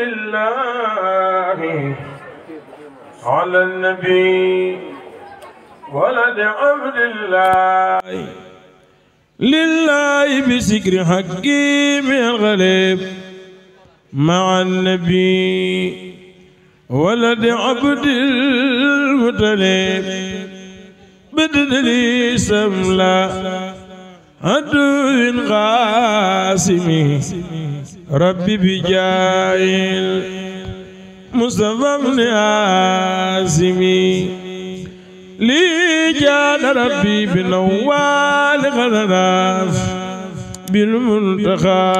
لله على النبي ولد عبد الله لله بسكر حقي من الغليب مع النبي ولد عبد المطلب بدل سملا عدو قاسمي ربي بجايل مصطفى بن عازمي لي جاد ربي بنوال غرف بالمنتخى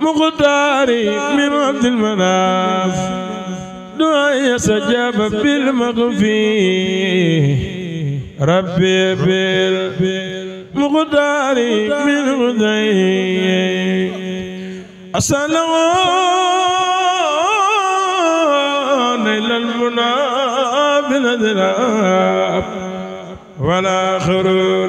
مقداري من عبد المناف دعاء سجاب بالمغفي ربي بالمقداري من غدي أسألون إلى المنى بنذراب ولا خرور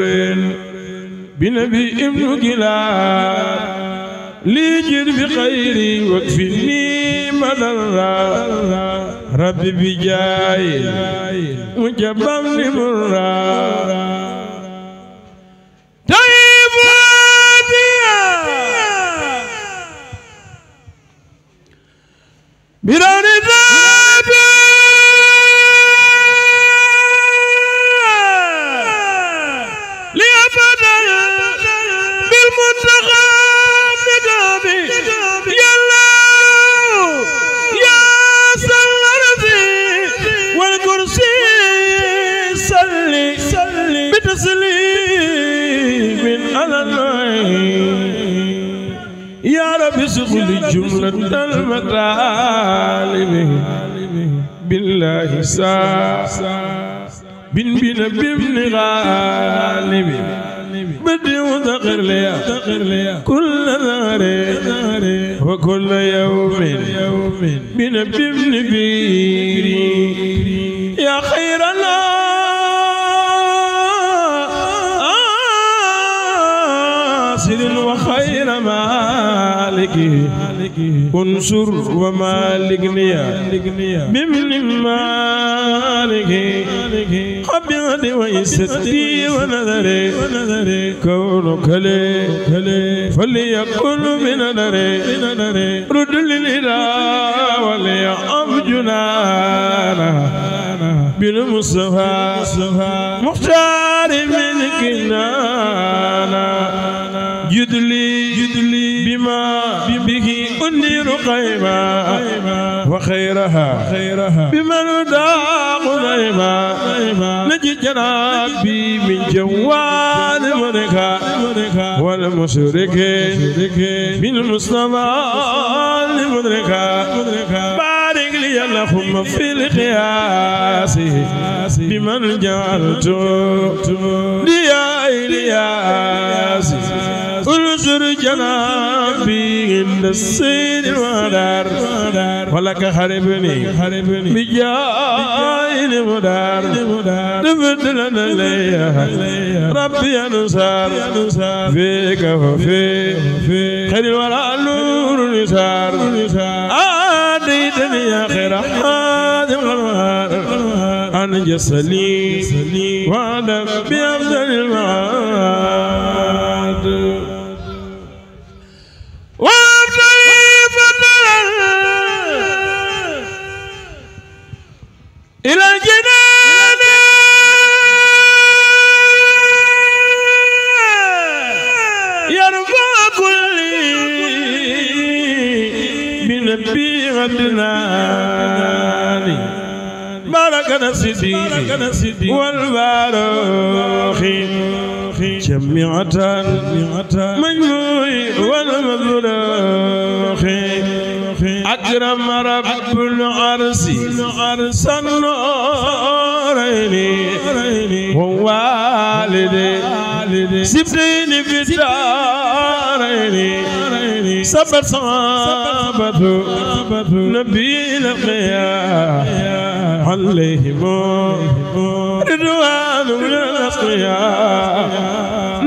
بنبي ابن كلاب لي جر بخيري واكفني مدى ربي بجاي مجبا لمرا bi بن بن بن غالب بدي وذخر لي كل ظهر وكل يوم بن بن بيري يا خيرنا ناصر وخير مالك انصر ومالك نيا بمن مالك قبض ويستي ونظري كونك لي فليكن بنظري رد للإله وليعم جنانا بالمصطفى مختار من كنانا يدلي بما مني رقيما وخيرها بمن داق نيما نجي جنابي من جوال منك والمشرك بالمصطفى لمدرك بارك لي اللهم في القياس بمن جعلت ليا إلياس انظر جنابي عند السيد المدار ولك حربني بجاه المدار نفتل لي ربي انصار فيك وفي خير الورى نور نسار آتيتني يا خير هذه الانهار انجسني وعدم بافضل المعاد يرفع كلي بنبي غدناني باركنا سيدي والبارخ جمعة مجموع والمبروخ أكرم رب العرس عرس النورين ووالدي سبتين في الدارين صبر صابت نبي القيا عليهم رضوان من القيا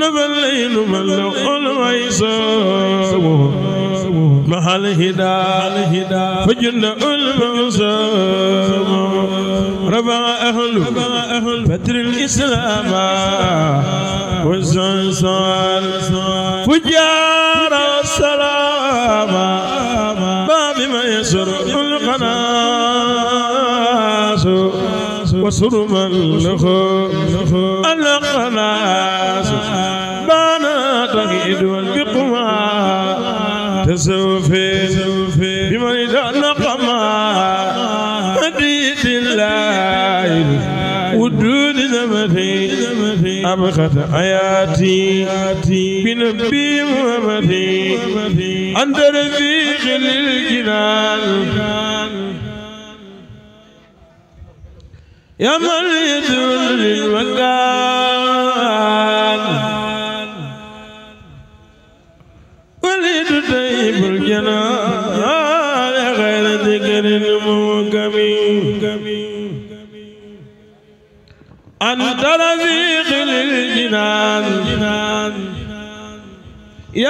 نبلين من لقل ويسوه محل هدا فجن المنصور رفع أهل بدر الإسلام والزنزان فجار السلام باب ميسر القناص وسر من لخو القناص بانا تقيد والقناص سابقة حياتي بنبي محمد أنت رفيق للجنان يا من يدعو للمكان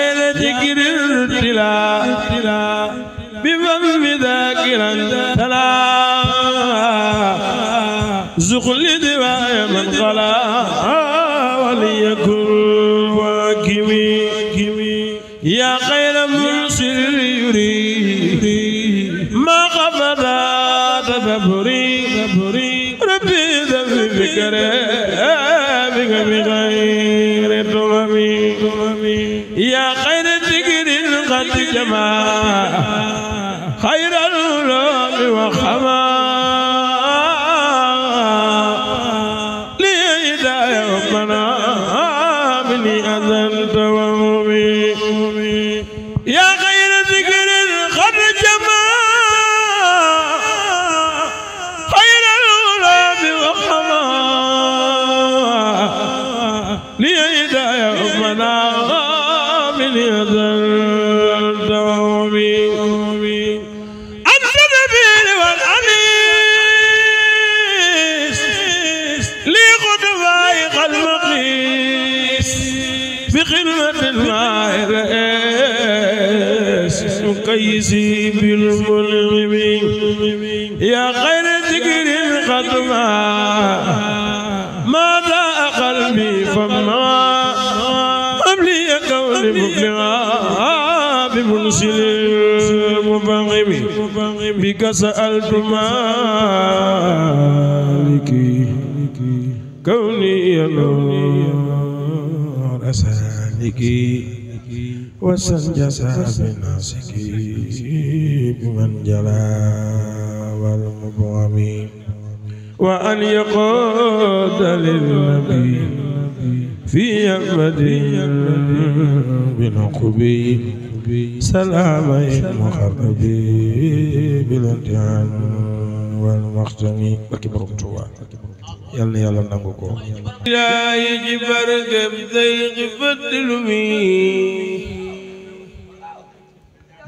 ليل ذكر الابتلاء بفم ذاكرا تلا زخل دواء من خلا قد جمع خير العلوم وخمر أنت النبيل والأنيس لي قدواي المقيس بخدمة الله الرئيس مقيسي بالملغم يا غير بك سألت مالكي كوني نور أسالكي وسنجى ساب ناسكي بمن جلا والمبغم وأن يقود للنبي في أبد بنقبي سلام المخرب بالامتحان والمختم بك بروم توا يلا يلا نانغوكو يا يجي برغب ضيق فدلمي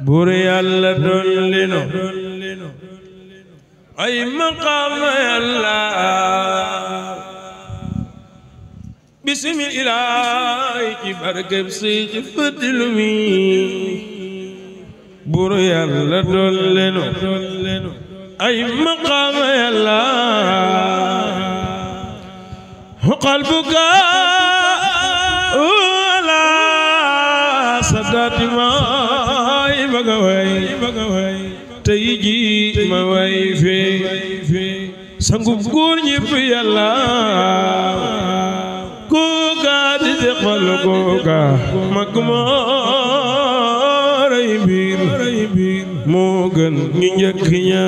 بور يلا دولينو اي مقام يلا simi ilaahi ci barkeb sëy ci fëddilu mi buru yàlla dollenu ay maqaama yàlla xuqal buka wala sadaati maay baga way tey ma way fee sangub góor ñépp yàlla xalquka mag mooray biir moo gën ñi njëkk ña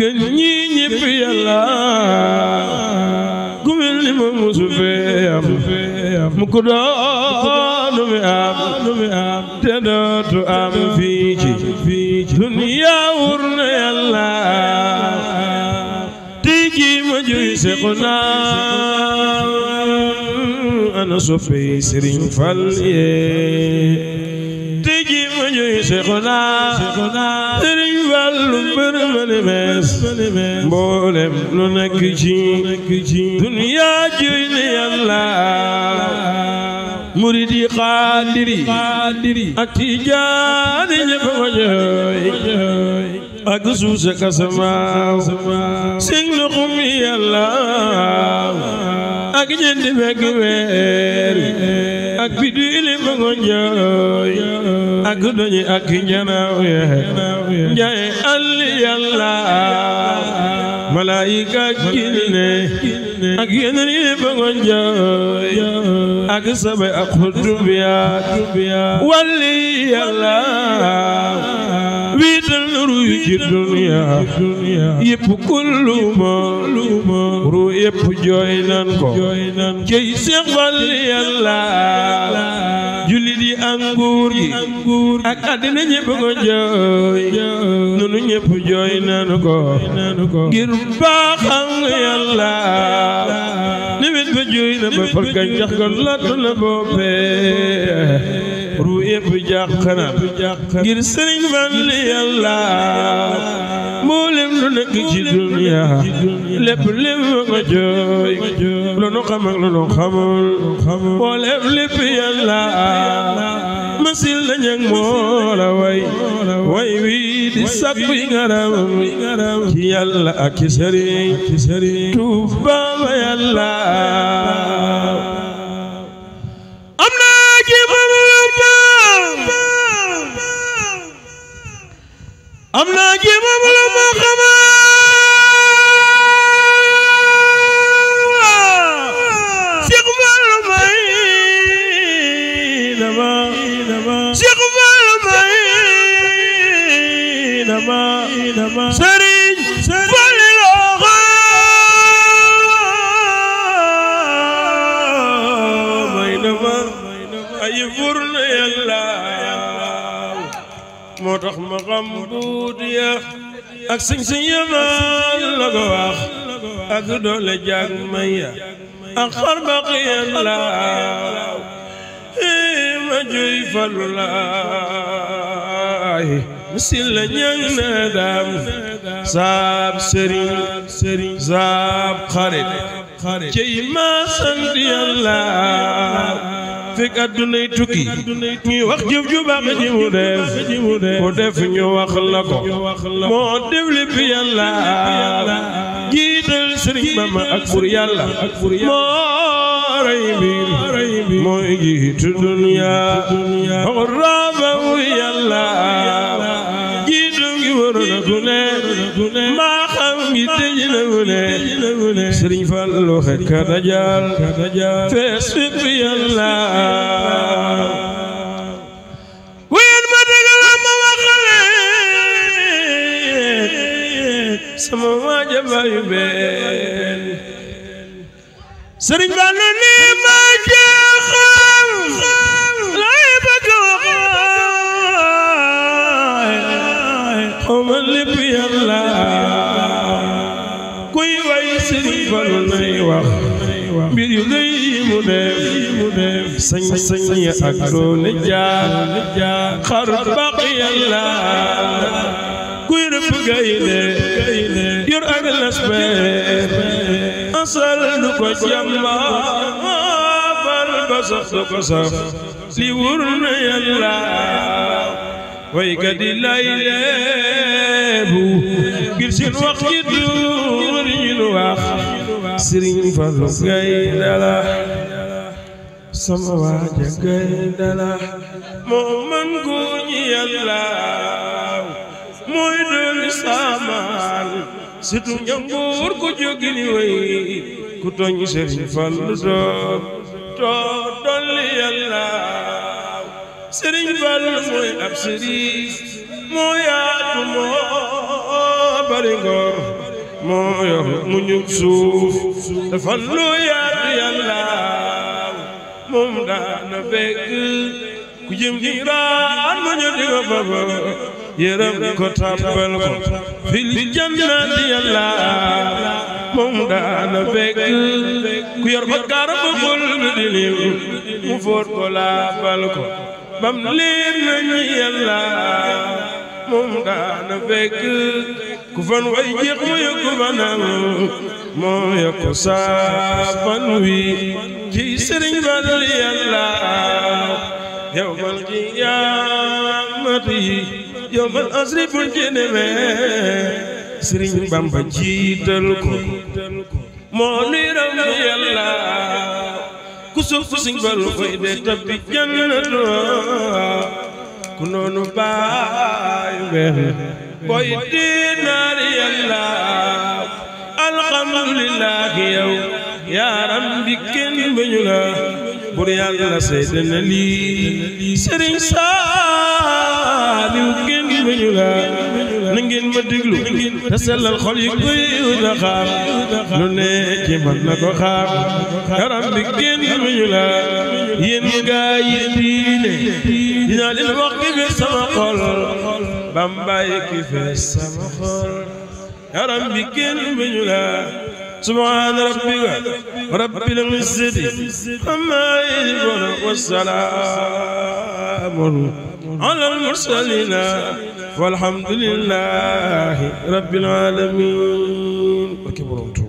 gën ñi ñëpp yàlla ku mel ni ma musu fee am mu ko doonu mi am te dootu am fii duniya wur na yàlla tey ma juy sequ ana soppey Sëriñ Fal yee te ji ma ñuy Seexuna Sëriñ Fal lu mbër ma ni mees mboolem lu nekk ci dunya juy ni Yàlla murid yi xaadiri ak tijaani ñëpp ma jooy ak suusa kasamaaw sing lu xum yàlla ak ñeenti fekk weer ak biddiili ma ngo njooy ak doñi ak njanaaw ye njaay alli yàlla malaayika ak jinne ak yeneen yi ma ngo njooy ak sabe ak xutub yaa walli yàlla ويد الروي في الدنيا يب كل ما رو يب جوينان كو جي سيغال يلا جولي دي انغور ak àddina ñépp ko jooy nunu ñépp jooy nanu ko ngir baaxam yàlla nawet ba jooy na ba far jax ga lott na boobee ru yëpp jàq na sëriñ man li yàlla mboolem lu nekk ci dunya lépp lépp nga jooy lu nu xam ak nu xamul mboolem lépp yàlla masil nañ ak la way way wi di sàkku yi ngaram ci yàlla sëriñ tuuba ba yàlla yi furna yàlla moo tax ma xam buut ya ak sëñ sëñ yamaan la ko ak doole jaag may ya ak xarbaq ma joy falu laay misil la ñang na daam saab sëriñ saab xarit cey ma sant yàlla fekk addunay tukki ñuy wax jëf a baax ji mu def ku def ñu wax la ko moo def lépp yàlla jiital sëriñ Bamba ak bur yàlla moo rey mbir mooy jiitu dunya rafa wu yàlla jiitu gi wër na ku ne xam gi tëj na ku ne وجلوخك رجال فاسفك في الله وين ما تقلم وخليك سموا جباي بين سرين قالوا لي ما جاخم لا يبقى هم اللي في الله falu wax mbir yu rëy mu def mu def sañ-sañ ya ak doone jaar xar baq yàlla kuy rëbb gaynde yor ak lasbeer asal du ko jàmba far ba sax du ko li wur na yàlla way ka di lay leebu ngir seen wax ci duur ñu wax sëriñ Fallu gaynde sama waaja gaynde moo man góor ñi yàlla mooy doomi saamaan situ ñangoor ko jógi ni way ku toñ sëriñ Fallu doo doo dolli yàlla sëriñ Fallu mooy ab sëriñ moo yaatu moo bari moo mu ñug suuf dafa lu yaatu yàlla moom daana fekk ku jëm ci daan ma ñu di ko baba yërëm ko tàmbal ko fil jannati yàlla moom daana fekk ku yor ba garab bi di liw mu foot ko laabal ko bam leer nañu yàlla moom daana fekk كفن ويجيق ويكفن ما يقصافن وي جي سرين بدل يلا يوم القيامة يوم الأسر فنجنمي سرين بامبا جيتلكو moo nuy raw na yàlla ku suuf siñ bal koy de tabbi jannatu ku noonu baay weex koy dinaar yàlla alhamdulillah yow yaaram bi kenn bañu la bur yàlla seede na lii sëriñ saa diw ngeen gi bañu la na ngeen ma déglu te sellal xol yi koy na xaar lu ne ci ko xaar yaram bi ngeen gi bañu la yéen ñu gaa yi diine dinaa leen wax ki fees sama xol bambaay ki fees sama xol yaram bi ngeen gi bañu la سبحان ربك رب العزة عما يصفون والسلام على المرسلين والحمد لله رب العالمين